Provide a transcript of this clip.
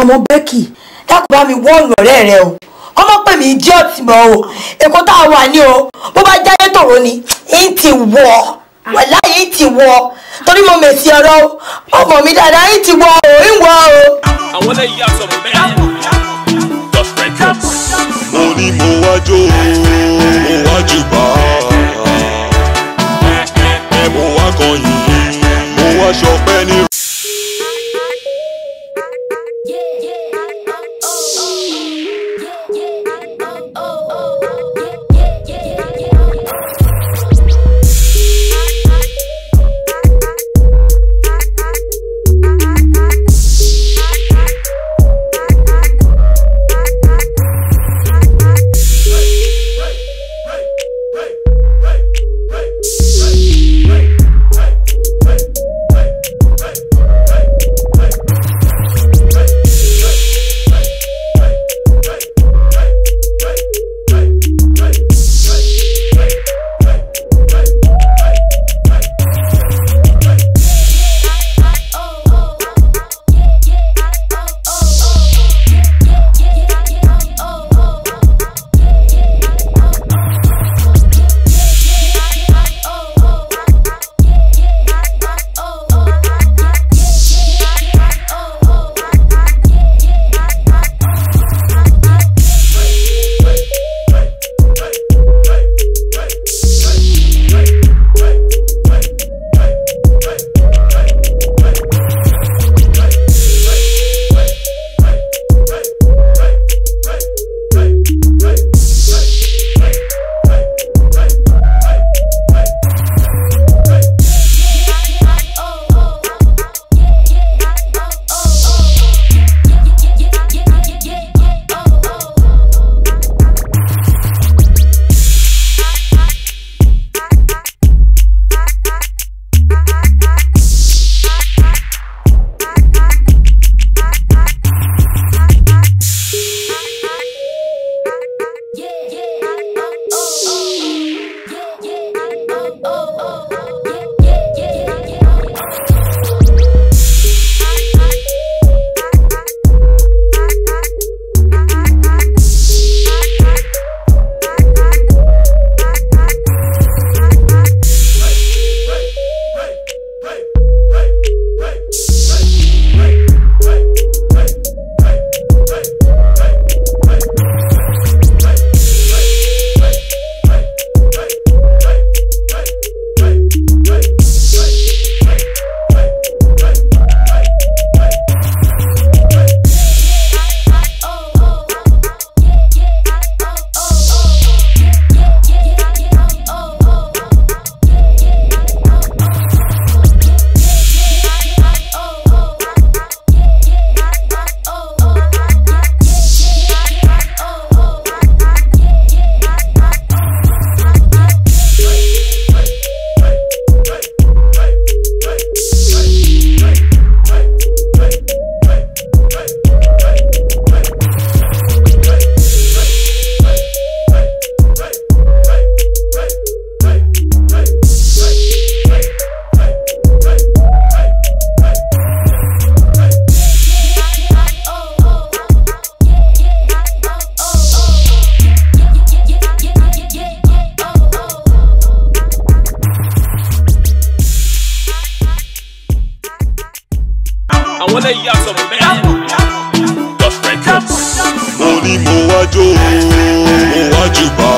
àmọ́ Becky dákun bá mi wọ́ ọ̀rẹ́ rẹ o kọ́mọ pè mí jẹ́ ọ̀tìmọ̀ o èkó tá a wà ní o bó bá jáyé tòrò ni ń ti wọ̀ wàláyé ń ti wọ̀ torí mo mèsì ọ̀rọ̀ ọmọ mi dáadáa ń ti wọ̀ o ń wọ̀ o. àwọn lẹ́yìn aṣọ mi bẹ́ẹ̀ just records. mo ní mo wájú mo wájú bá ẹ mo wá kan yìí mo wá ṣọpẹ́ ní players of men. Dust records. Mo ní mo wájú, mo wájú bá.